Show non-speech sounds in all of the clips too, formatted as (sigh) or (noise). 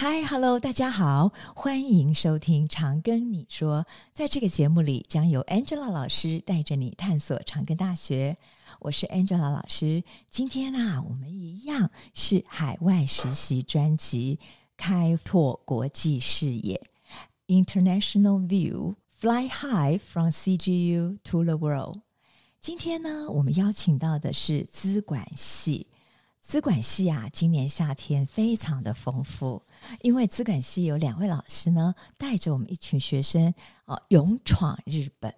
Hi, hello，大家好，歡迎收聽《長庚你說》。在這個節目裡，將由 Angela 老師帶着你探索長庚大學。我是 Angela 老師。今天啊，我們一樣是海外實習專輯，開拓國際視野，International View，Fly High from CGU to the World。今天呢，我們邀請到的是資管系。資管系啊，今年夏天非常的豐富，因為資管系有兩位老師呢，帶着我們一群學生啊、呃、勇闖日本。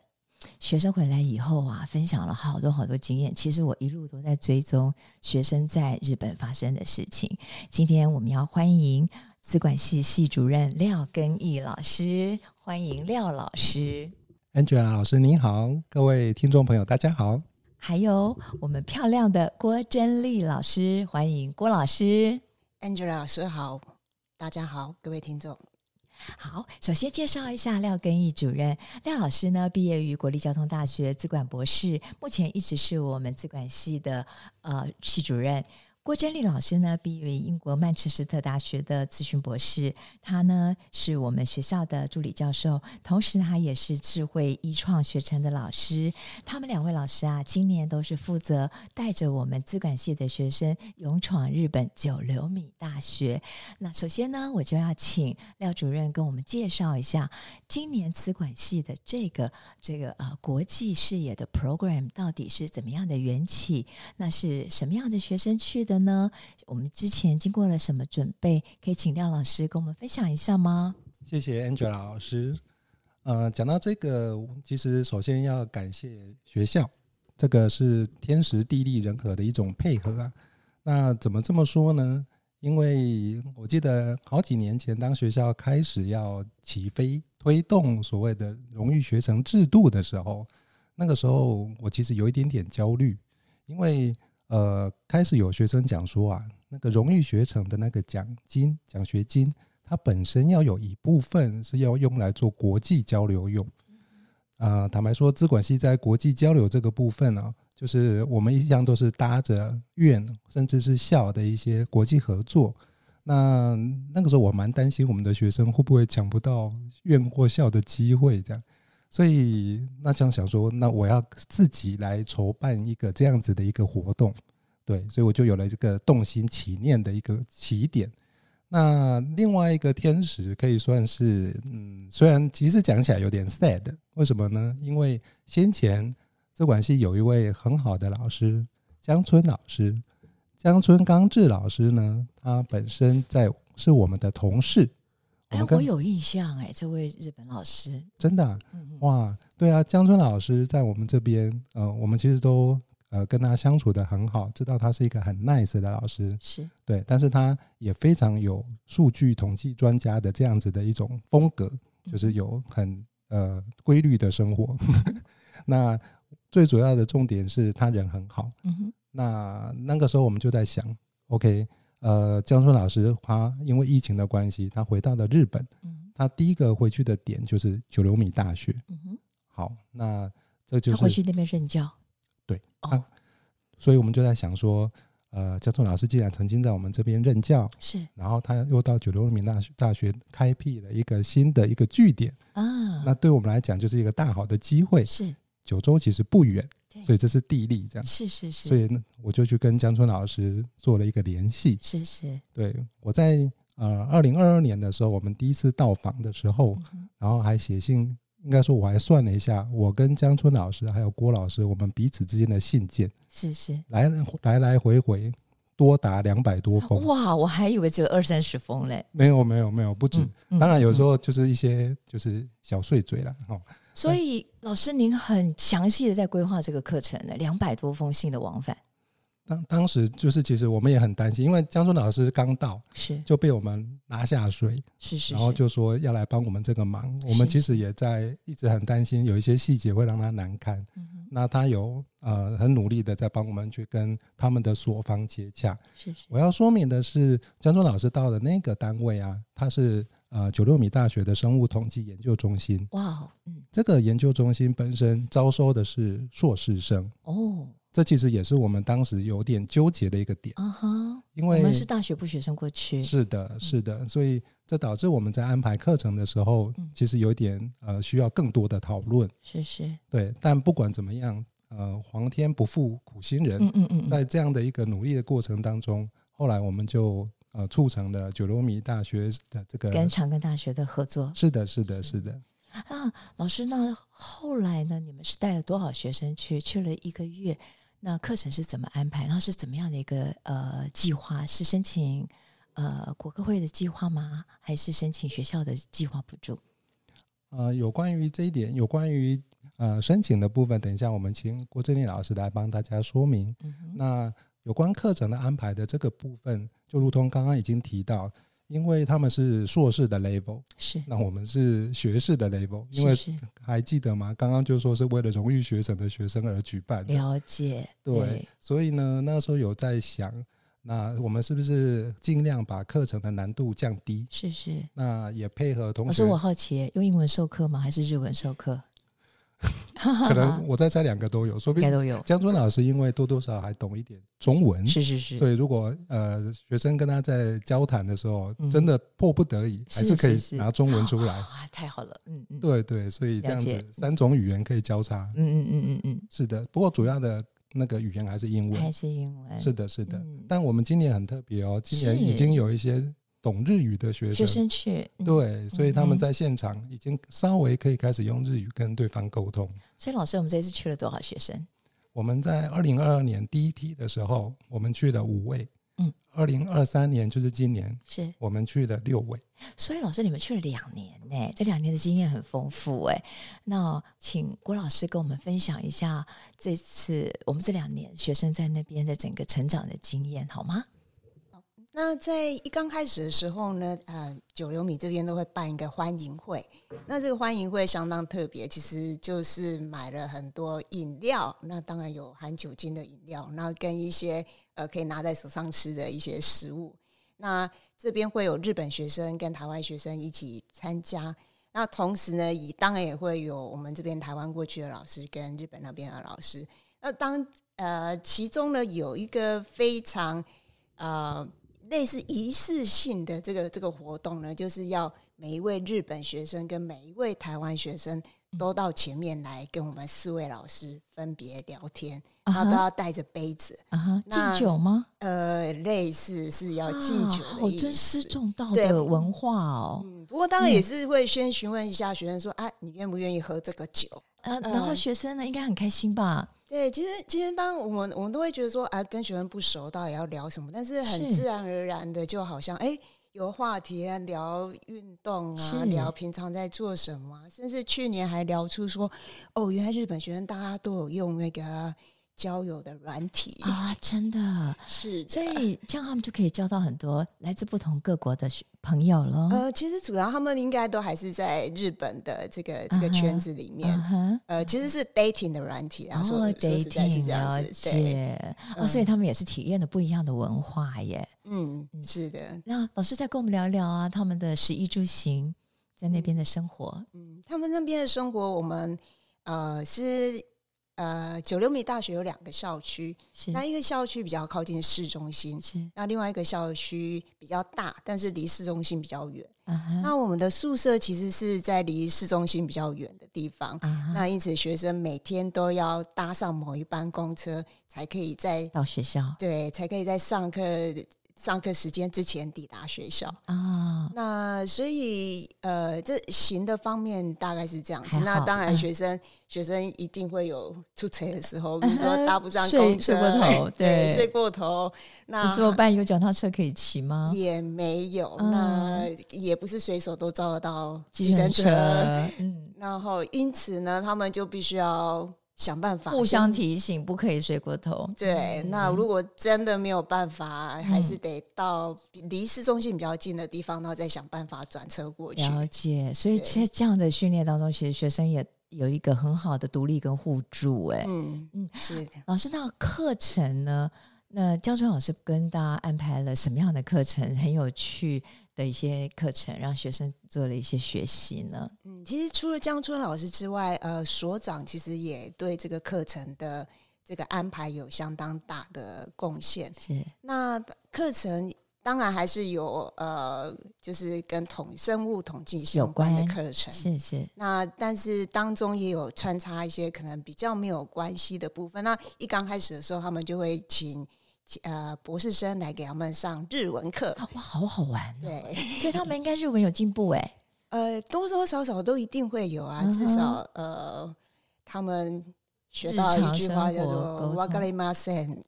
學生回來以後啊，分享了好多好多經驗。其實我一路都在追蹤學生在日本發生的事情。今天我們要歡迎資管系系主任廖耕億老師，歡迎廖老師。Angela 老師您好，各位聽眾朋友大家好。還有我們漂亮的郭珍利老師，歡迎郭老師，Angela 老師好，大家好，各位聽眾好。首先介紹一下廖耕億主任，廖老師呢畢業於國立交通大學資管博士，目前一直是我們資管系的呃系主任。郭珍利老師呢，畢業於英國曼徹斯特大學的資訊博士，他呢是我們學校的助理教授，同時他也是智慧醫創學程的老師。他們兩位老師啊，今年都是負責帶着我們資管系的學生勇闖日本久留米大學。那首先呢，我就要請廖主任跟我們介紹一下今年資管系的這個這個呃國際視野的 program 到底是怎麼樣的緣起，那是什麼樣的學生去的的呢？我們之前經過了什麼準備？可以請廖老師跟我們分享一下嗎？謝謝 Angela 老師。嗯、呃，講到這個，其實首先要感謝學校，這個是天時地利人和的一種配合啊。那怎麼這麼說呢？因為我記得好幾年前，當學校開始要起飛推動所謂的榮譽學程制度的時候，那個時候我其實有一點點焦慮，因為呃，開始有學生講說啊，那個榮譽學程的那個獎金、獎學金，它本身要有一部分是要用來做國際交流用。啊、呃，坦白說，資管系在國際交流這個部分呢，啊，就是我們一向都是搭着院甚至是校的一些國際合作。那那個時候我蠻擔心我們的學生會不會搶不到院或校的機會這樣。所以，那這樣想說，那我要自己來籌辦一個這樣子的一個活動，對，所以我就有了這個動心起念的一個起點。那另外一個天使可以算是，嗯，雖然其實講起來有點 sad，為什麼呢？因為先前資管系有一位很好的老師，江村老師，江村剛志老師呢，他本身在是我們的同事。哎，我有印象哎，這位日本老師真的、啊、哇，對啊，江春老師在我們這邊，呃，我們其實都呃跟他相處得很好，知道他是一個很 nice 的老師，是對，但是他也非常有數據統計專家的這樣子的一種風格，就是有很呃規律的生活。 (laughs) 那最主要的重點是他人很好，嗯哼，那那個時候我們就在想，OK。呃，江春老師他因為疫情的關係，他回到了日本。嗯哼，他第一個回去的點就是久留米大學。嗯哼，好，那這就是他回去那邊任教。對啊，哦，所以我們就在想說，呃，江春老師既然曾經在我們這邊任教，是，然後他又到久留米大學大學開闢了一個新的一個據點啊，那對我們來講就是一個大好的機會。是，九州其實不遠。對所以這是地利，這樣是是是。所以我就去跟江春老師做了一個聯繫，是是。對，我在呃二零二二年的時候，我們第一次到訪的時候，嗯、哼然後還寫信。應該說，我還算了一下，我跟江春老師還有郭老師，我們彼此之間的信件是是來來來回回多達兩百多封。哇，我還以為只有二三十封嘞沒。沒有沒有沒有，不止。嗯、當然有時候就是一些就是小碎嘴啦哈。所以，老師您很詳細的在規劃這個課程的兩百多封信的往返。當當時就是，其實我們也很擔心，因為江中老師剛到，是就被我們拿下水，是，是是，然後就說要來幫我們這個忙。是是我們其實也在一直很擔心，有一些細節會讓他難堪。是。那他有呃很努力的在幫我們去跟他們的所方接洽。是是，我要說明的是，江中老師到的那個單位啊，他是。呃，久留米大學的生物統計研究中心，哇，wow, 嗯，這個研究中心本身招收的是碩士生，哦，這其實也是我們當時有點糾結的一個點，啊哈、uh，huh, 因為我們是大學部學生過去，是的，是的，嗯、所以這導致我們在安排課程的時候，嗯、其實有點呃需要更多的討論，嗯、是是，對，但不管怎麼樣，呃，皇天不負苦心人，嗯，嗯嗯，在這樣的一個努力的過程當中，後來我們就。呃，促成的久留米大學的這個跟長庚大學的合作，是的，是的，是的啊。老師，那後來呢？你們是帶了多少學生去去了一個月？那課程是怎麼安排？然後是怎麼樣的一個呃計劃？是申請呃國科會的計劃嗎？還是申請學校的計劃補助？呃，有關於這一點，有關於呃申請的部分，等一下我們請郭珍利老師來幫大家說明。嗯、哼那有關課程的安排的這個部分。就如同剛剛已經提到，因為他們是碩士的 level 是那我們是學士的 level 因為還記得嗎？剛剛就說是為了榮譽學程的學生而舉辦的，了解對，對所以呢那時候有在想，那我們是不是儘量把課程的難度降低？是是，那也配合同時，可是我好奇用英文授課嗎？還是日文授課？ (laughs) 可能我再猜兩個都有，啊、哈哈說不定江尊老師因為多多少少還懂一點中文，是是是。所以如果呃學生跟他在交談的時候，嗯、真的迫不得已，嗯、還是可以拿中文出來，哇、啊，太好了，嗯，嗯，對，對對，所以這樣子三種語言可以交叉，嗯嗯嗯嗯嗯，是的。不過主要的那個語言還是英文，還是英文，是的，是的，是的。但我們今年很特別哦，今年已經有一些。懂日語的學生，學生去、嗯、對，所以他們在現場已經稍微可以開始用日語跟對方溝通。所以老師，我們這次去了多少學生？我們在二零二二年第一梯的時候，我們去了五位。嗯，二零二三年就是今年，是我們去了六位。所以老師，你們去了兩年呢、欸，這兩年的經驗很豐富誒、欸。那請郭老師跟我們分享一下這一次我們這兩年學生在那邊的整個成長的經驗好嗎？那在一剛開始的時候呢，呃，久留米這邊都會辦一個歡迎會。那這個歡迎會相當特別，其實就是買了很多飲料，那當然有含酒精的飲料，那跟一些呃可以拿在手上吃的一些食物。那這邊會有日本學生跟台灣學生一起參加。那同時呢，也當然也會有我們這邊台灣過去的老師跟日本那邊的老師。那當呃，其中呢有一個非常呃。類似儀式性的這個這個活動呢，就是要每一位日本學生跟每一位台灣學生都到前面來跟我們四位老師分別聊天，嗯、然後都要帶着杯子啊哈，敬那酒嗎？呃，類似是要敬酒的意思、啊、尊師重道的文化哦、喔嗯嗯。不過當然也是會先詢問一下學生說，啊，你願不願意喝這個酒？嗯、啊，然後學生呢應該很開心吧。對，其實其實當我們我們都會覺得說，啊，跟學生不熟，到底要聊什麼？但是很自然而然的，就好像哎是，有話題啊，聊運動啊，是聊平常在做什麼，甚至去年還聊出說，哦，原來日本學生大家都有用那個。交友的軟體啊，真的是的，所以這樣他們就可以交到很多來自不同各國的朋友了。呃，其實主要他們應該都還是在日本的這個這個圈子裡面。Uh huh. 呃，其實是 dating 的軟體然說說實在是這樣子，對。了解。嗯，哦，所以他們也是體驗了不一樣的文化耶。嗯，是的。那老師再跟我們聊聊啊，他們的食衣住行在那邊的生活。嗯，他們那邊的生活，我們呃是。呃，久留米大學有兩個校區，是那一個校區比較靠近市中心，是那另外一個校區比較大，但是離市中心比較遠。嗯、哼那我們的宿舍其實是在離市中心比較遠的地方，嗯、哼那因此學生每天都要搭上某一班公車，才可以在到學校，對，才可以在上課。上課時間之前抵達學校啊，那所以呃，這行的方面大概是這樣子。還好，那當然，學生、嗯、學生一定會有出差的時候，啊、比如說搭不上公車，睡，睡過頭，對，對，對，睡過頭。那怎麼辦？有腳踏車可以騎嗎？也沒有，嗯、那也不是隨手都招得到計程車計程車。嗯，然後因此呢，他們就必須要想辦法互相提醒，先不可以睡過頭。對，嗯、那如果真的沒有辦法，還是得到離市中心比較近的地方，嗯、然後再想辦法轉車過去。了解，所以其實這樣的訓練當中，對其實學生也有一個很好的獨立跟互助。哎，嗯嗯，是的。啊、老師，那個、課程呢？那江春老師跟大家安排了什麼樣的課程？很有趣的一些課程，讓學生做了一些學習呢。嗯，其實除了江春老師之外，呃，所長其實也對這個課程的這個安排有相當大的貢獻。是。那課程當然還是有呃，就是跟統生物統計相關的課程。謝謝。是是。那但是當中也有穿插一些可能比較沒有關係的部分。那一剛開始的時候，他們就會請。呃，博士生來給他們上日文課，哇，好好玩啊！對，所以他們應該日文有進步哎、欸。呃，多多少少都一定會有啊，嗯哼，至少呃，他們學到一句話叫做 “wakarimasen”，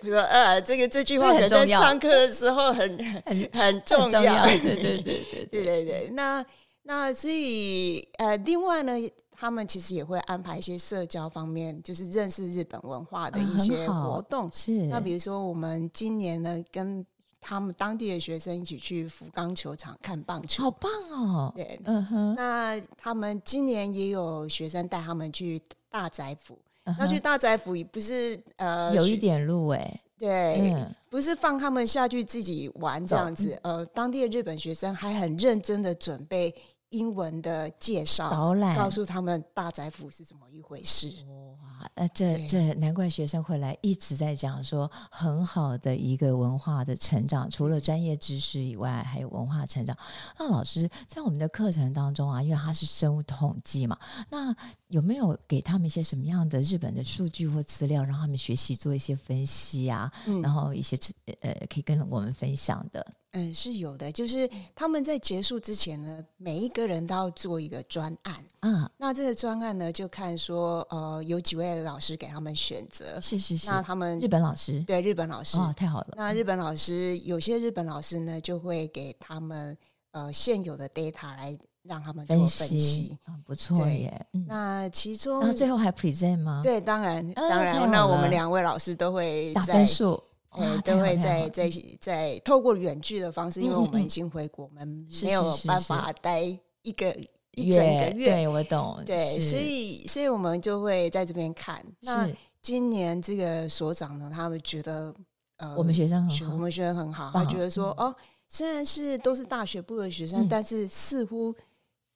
比如呃，這個這句話可能在上課的時候很很很重要，對對對對對對 (laughs) 對、對、對。那那所以呃，另外呢。他們其實也會安排一些社交方面，就是認識日本文化的一些活動。嗯、是，那比如說我們今年呢，跟他們當地的學生一起去福岡球場看棒球，好棒哦！對，嗯哼。那他們今年也有學生帶他們去大宰府，嗯、哼那去大宰府也不是呃有一點路哎，對，嗯、不是放他們下去自己玩這樣子，有呃，當地的日本學生還很認真的準備。英文的介紹，導覽，告訴他們大宰府是怎麼一回事。哇，呃，這這難怪學生回來一直在講說，很好的一個文化的成長，除了專業知識以外，還有文化成長。那老師在我們的課程當中啊，因為他是生物統計嘛，那有沒有給他們一些什麼樣的日本的數據或資料，讓他們學習做一些分析啊？嗯、然後一些呃，可以跟我們分享的。嗯，是有的，就是他們在結束之前呢，每一個人都要做一個專案啊。嗯、那這個專案呢，就看說，呃，有幾位老師給他們選擇，是,是是。那他們日本老師，對日本老師啊、哦，太好了。那日本老師有些日本老師呢，就會給他們呃現有的 data 來讓他們做分析，分析哦、不錯耶。對嗯、那其中，那最後還 present 嗎？對，當然，當然，嗯、那我們兩位老師都會在呃，都會在在在透過遠距的方式，因為我們已經回國，我們沒有辦法待一個一整個月。對，我懂，對，所以所以我們就會在這邊看。那今年這個所長呢，他們覺得呃，我們學生很好，我們學生很好，他覺得說哦，雖然是都是大學部的學生，但是似乎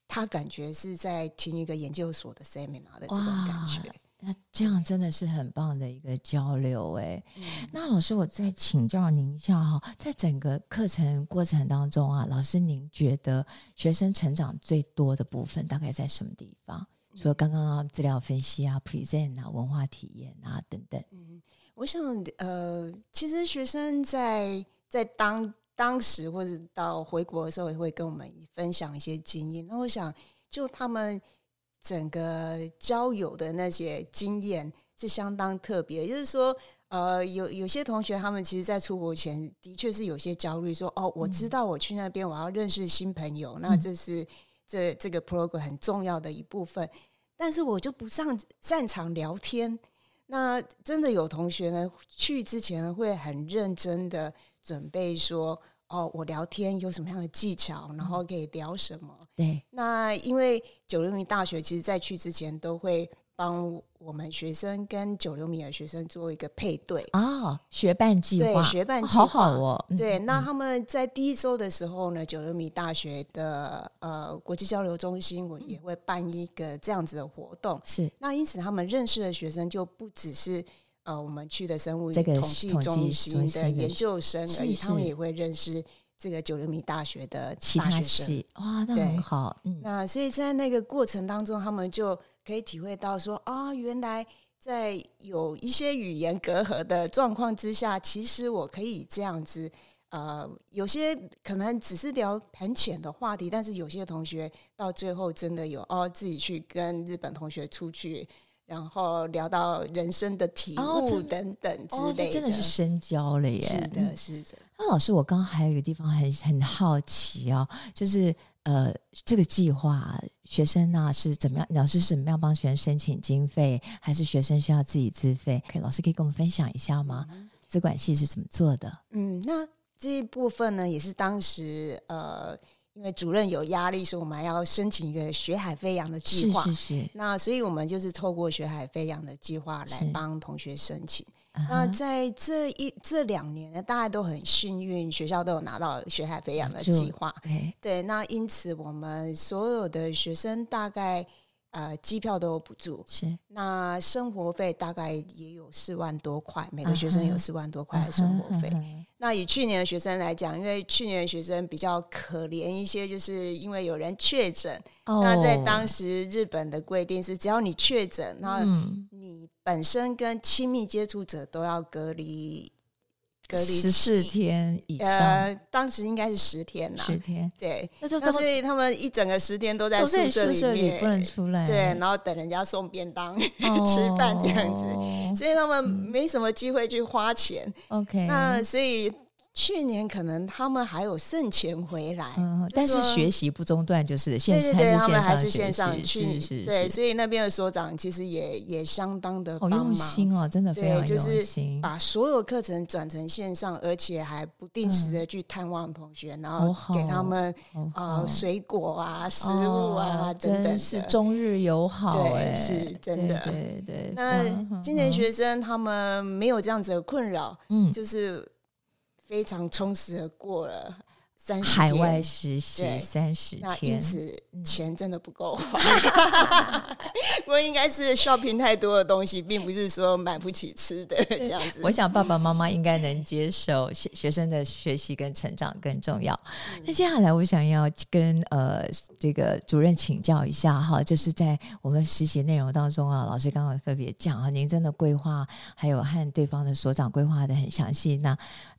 他感覺是在聽一個研究所的 Seminar 的這種感覺。那這樣真的是很棒的一個交流誒。嗯、那老師，我再請教您一下哈、哦，在整個課程過程當中啊，老師您覺得學生成長最多的部分大概在什麼地方？說剛剛、啊、資料分析啊、present、嗯、啊、文化體驗啊等等。嗯，我想呃，其實學生在在當當時或者到回國的時候也會跟我們分享一些經驗。那我想，就他們。整個交友的那些經驗是相當特別，就是說，呃，有有些同學他們其實在出國前的確是有些焦慮，說哦，我知道我去那邊我要認識新朋友，嗯、那這是這這個 program 很重要的一部分，但是我就不上擅長聊天，那真的有同學呢去之前會很認真的準備說。哦，我聊天有什麼樣的技巧，然後可以聊什麼？嗯、對，那因為久留米大學其實在去之前都會幫我們學生跟久留米的學生做一個配對啊、哦，學伴計劃，對，學伴計劃好好哦。嗯嗯、對，那他們在第一周的時候呢，久留米大學的呃國際交流中心我也會辦一個這樣子的活動，是那因此他們認識的學生就不只是。呃，我們去的生物統計中心的研究生，是是，而且他們也會認識這個久留米大學的其他學生。哇，那很好。對嗯、那所以在那個過程當中，他們就可以體會到說啊、哦，原來在有一些語言隔閡的狀況之下，其實我可以這樣子。呃，有些可能只是聊很淺的話題，但是有些同學到最後真的有哦，自己去跟日本同學出去，然後聊到人生的題目等等之類的，哦哦、真的是深交了耶。是的，是的。那、嗯啊、老師，我剛剛還有一個地方很很好奇哦，就是呃，這個計劃學生呢、啊、是怎麼樣？老師是怎麼樣幫學生申請經費，還是學生需要自己自費？可以，老師可以跟我們分享一下嗎？嗯、資管系是怎麼做的？嗯，那這一部分呢，也是當時呃。因為主任有壓力，所以我們還要申請一個學海飛颺的計劃。是是是。那所以，我們就是透過學海飛颺的計劃來幫同學申請。Uh huh. 那在這一這兩年呢，大家都很幸運，學校都有拿到學海飛颺的計劃。住對，對。那因此，我們所有的學生大概呃，機票都有補助。是。那生活費大概也有四萬多塊，每個學生有四萬多塊的生活費。Uh huh. uh huh. 那以去年的學生來講，因為去年的學生比較可憐一些，就是因為有人確診。Oh. 那在當時日本的規定是，只要你確診，那你本身跟親密接觸者都要隔離。十四天以上，呃、當時應該是十天啦，十天。對，那，那所以他們一整個十天都在宿舍裡面，都在宿舍裡不能出來，對，然後等人家送便當，哦、吃飯這樣子，所以他們沒什麼機會去花錢。OK，、嗯、那所以。去年可能他們還有剩錢回來、嗯，但是學習不中斷，就是現在他們還是線上。去、嗯就是、對，所以那邊的所長其實也也相當的幫忙、哦、用心哦，真的非常用心，就是、把所有課程轉成線上，而且還不定時的去探望同學，嗯、然後給他們啊、哦哦呃、水果啊、食物啊，真的是中日友好，對，是真的，對，對對。嗯、那今年學生他們沒有這樣子的困擾，嗯、就是。非常充實的過了。30天，海外實習三十天，那錢真的不夠花。嗯、 (laughs) (laughs) 我應該是 shopping 太多的東西，並不是說買不起吃的這樣子。我想爸爸媽媽應該能接受學生的學習跟成長更重要。那、嗯、接下來我想要跟呃這個主任請教一下哈，就是在我們實習內容當中啊，老師剛剛特別講啊，您真的規劃還有和對方的所長規劃得很詳細。那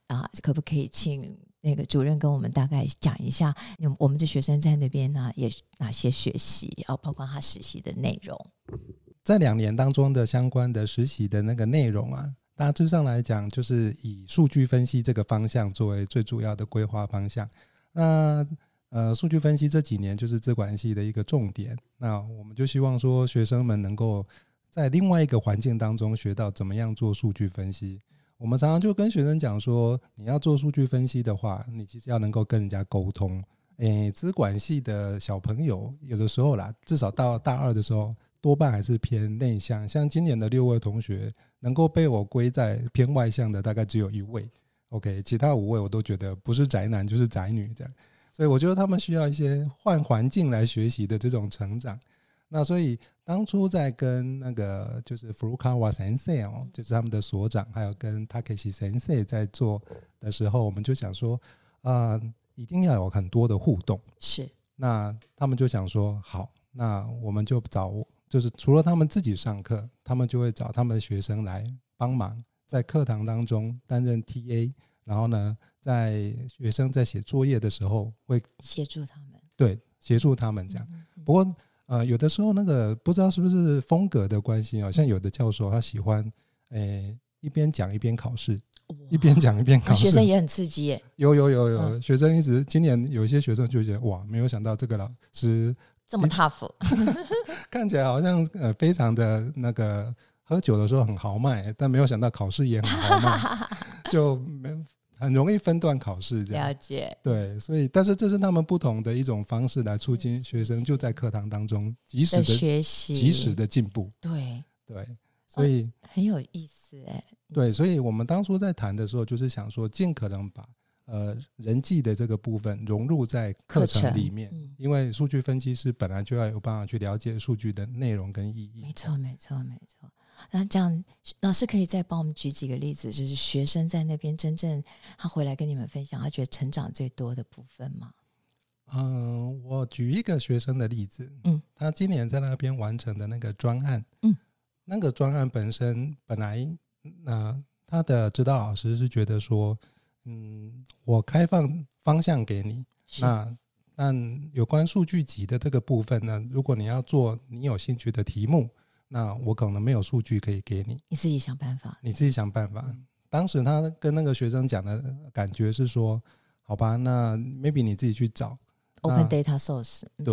啊，可不可以請那個主任跟我們大概講一下，我們我們的學生在那邊呢，也是哪些學習，包括他實習的內容，在兩年當中的相關的實習的那個內容啊。大致上來講就是以數據分析這個方向作為最主要的規劃方向。那呃，數據分析這幾年就是資管系的一個重點，那我們就希望說學生們能夠在另外一個環境當中學到怎麼樣做數據分析。我們常常就跟學生講說，你要做數據分析的話，你其實要能夠跟人家溝通。誒，資管系的小朋友有的時候啦，至少到大二的時候，多半還是偏內向。像今年的六位同學，能夠被我歸在偏外向的，大概只有一位。OK，其他五位我都覺得不是宅男就是宅女這樣。所以我覺得他們需要一些換環境來學習的這種成長。那所以當初在跟那個就是 Furukawa Sensei 哦，就是他們的所長，還有跟 Takeshi Sensei 在做的時候，我們就想說，啊、呃，一定要有很多的互動。是。那他們就想說，好，那我們就找，就是除了他們自己上課，他們就會找他們的學生來幫忙，在課堂當中擔任 TA，然後呢，在學生在寫作業的時候會協助他們，對，協助他們這樣。嗯嗯、不過。啊、呃，有的時候那個不知道是不是風格的關係、哦，好像有的教授他喜歡，誒、呃，一邊講一邊考試，哇一邊講一邊考試、啊，學生也很刺激耶。有有有有，嗯、學生一直今年有一些學生就覺得哇，沒有想到這個老師這麼 tough，欸、 (laughs) 看起來好像呃非常的那個喝酒的時候很豪邁，但沒有想到考試也很豪邁， (laughs) 就沒。很容易分段考試，這樣了解。對，所以但是這是他們不同的一種方式來促進學生就在課堂當中及時的、的學習、及時的進步。對對，所以、哦、很有意思哎。對，所以我們當初在談的時候，就是想說盡可能把呃人際的這個部分融入在課程裡面，嗯、因為數據分析師本來就要有辦法去了解數據的內容跟意義的。沒錯，沒錯，沒錯。那這樣，老師可以再幫我們舉幾個例子，就是學生在那邊真正他回來跟你們分享，他覺得成長最多的部分嗎？嗯、呃，我舉一個學生的例子，嗯，他今年在那邊完成的那個專案，嗯，那個專案本身本來那、呃、他的指導老師是覺得說，嗯，我開放方向給你，那那是、啊、有關數據集的這個部分呢，如果你要做你有興趣的題目。那我可能沒有數據可以給你，你自己想辦法。你自己想辦法。當時他跟那個學生講的感覺是說，好吧，那 maybe 你自己去找 open data source。對，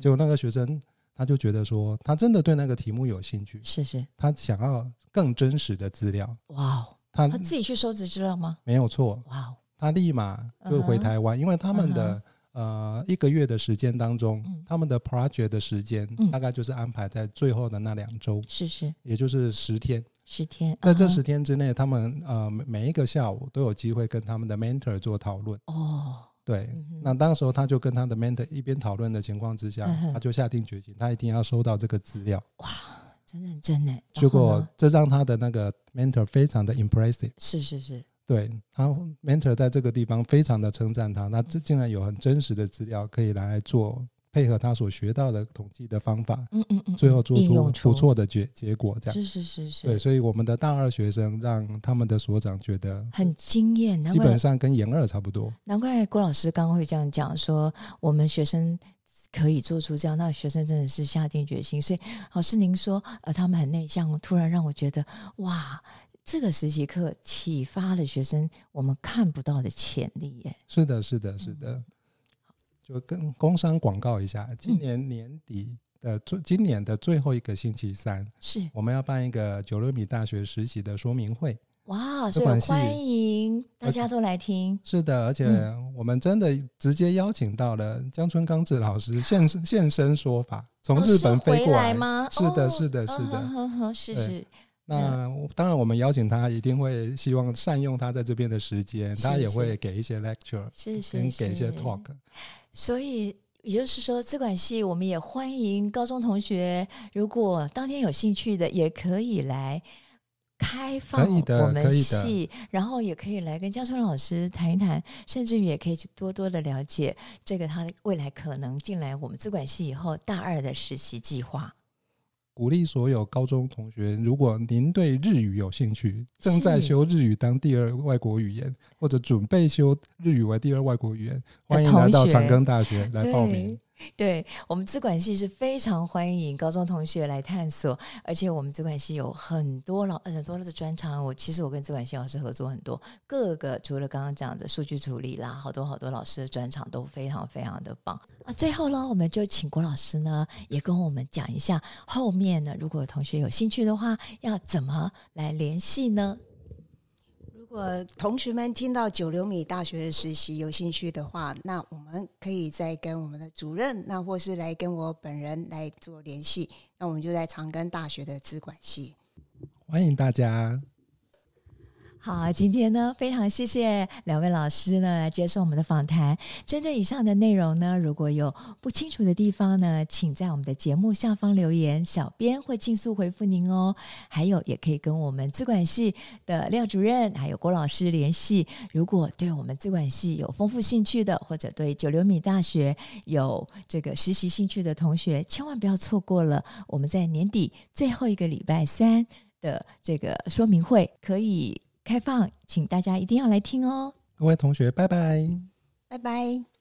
結果那個學生，他就覺得說，他真的對那個題目有興趣，是是，他想要更真實的資料。哇，他他自己去收集資料嗎？沒有錯。哇，他立馬就回台灣，因為他們的。呃，一個月的時間當中，他們的 project 的時間大概就是安排在最後的那兩週，是是，也就是十天，十天。在這十天之內，他們呃每一個下午都有機會跟他們的 mentor 做討論。哦，對。那當時候他就跟他的 mentor 一邊討論的情況之下，他就下定決心，他一定要收到這個資料。哇，真認真呢。結果這讓他的那個 mentor 非常的 impressive。是是是。對，然後 mentor 在這個地方非常的稱讚他，那這竟然有很真實的資料可以來做配合他所學到的統計的方法，嗯嗯嗯，最後做出不錯的結結果，這樣是是是是，對，所以我們的大二學生讓他們的所長覺得很驚艷，基本上跟研二差不多，難怪郭老師剛剛會這樣講說，我們學生可以做出這樣，那學生真的是下定決心，所以老師您說呃他們很內向，突然讓我覺得哇。這個實習課啟發了學生我們看不到的潛力，哎，是的，是的，是的，就跟工商廣告一下，今年年底的最今年的最後一個星期三，是我們要辦一個久留米大學實習的說明會。哇，所以歡迎大家都來聽。是的，而且我們真的直接邀請到了江春剛子老師現現身說法，從日本飛過來嗎？是的，是的，是的，是是。那、嗯、當然，我們邀請他一定會希望善用他在這邊的時間，是是他也會給一些 lecture，是、是、是、是，給一些 talk。所以也就是說，資管系我們也歡迎高中同學，如果當天有興趣的，也可以來開放我們系，的的然後也可以來跟江春老師談一談，甚至於也可以去多多的了解這個他未來可能進來我們資管系以後大二的實習計劃。鼓勵所有高中同學，如果您對日語有興趣，正在修日語當第二外國語言，或者準備修日語為第二外國語言，歡迎來到長庚大學來報名。對，我們資管系是非常歡迎高中同學來探索，而且我們資管系有很多老，很多的專長。我其實我跟資管系老師合作很多，各個除了剛剛講的數據處理啦，好多好多老師的專長都非常非常的棒。那、啊、最後呢，我們就請郭老師呢也跟我們講一下，後面呢，如果同學有興趣的話，要怎麼來聯繫呢？如果同學們聽到久留米大學的實習有興趣的話，那我們可以再跟我們的主任，那或是來跟我本人來做聯繫。那我們就在長庚大學的資管系，歡迎大家。好，今天呢，非常謝謝兩位老師呢來接受我們的訪談。針對以上的內容呢，如果有不清楚的地方呢，請在我們的節目下方留言，小編會盡速回復您哦。還有，也可以跟我們資管系的廖主任還有郭老師聯繫。如果對我們資管系有豐富興趣的，或者對久留米大學有這個實習興趣的同學，千萬不要錯過了我們在年底最後一個禮拜三的這個說明會，可以。開放，請大家一定要來聽哦。各位同學，拜拜，拜拜。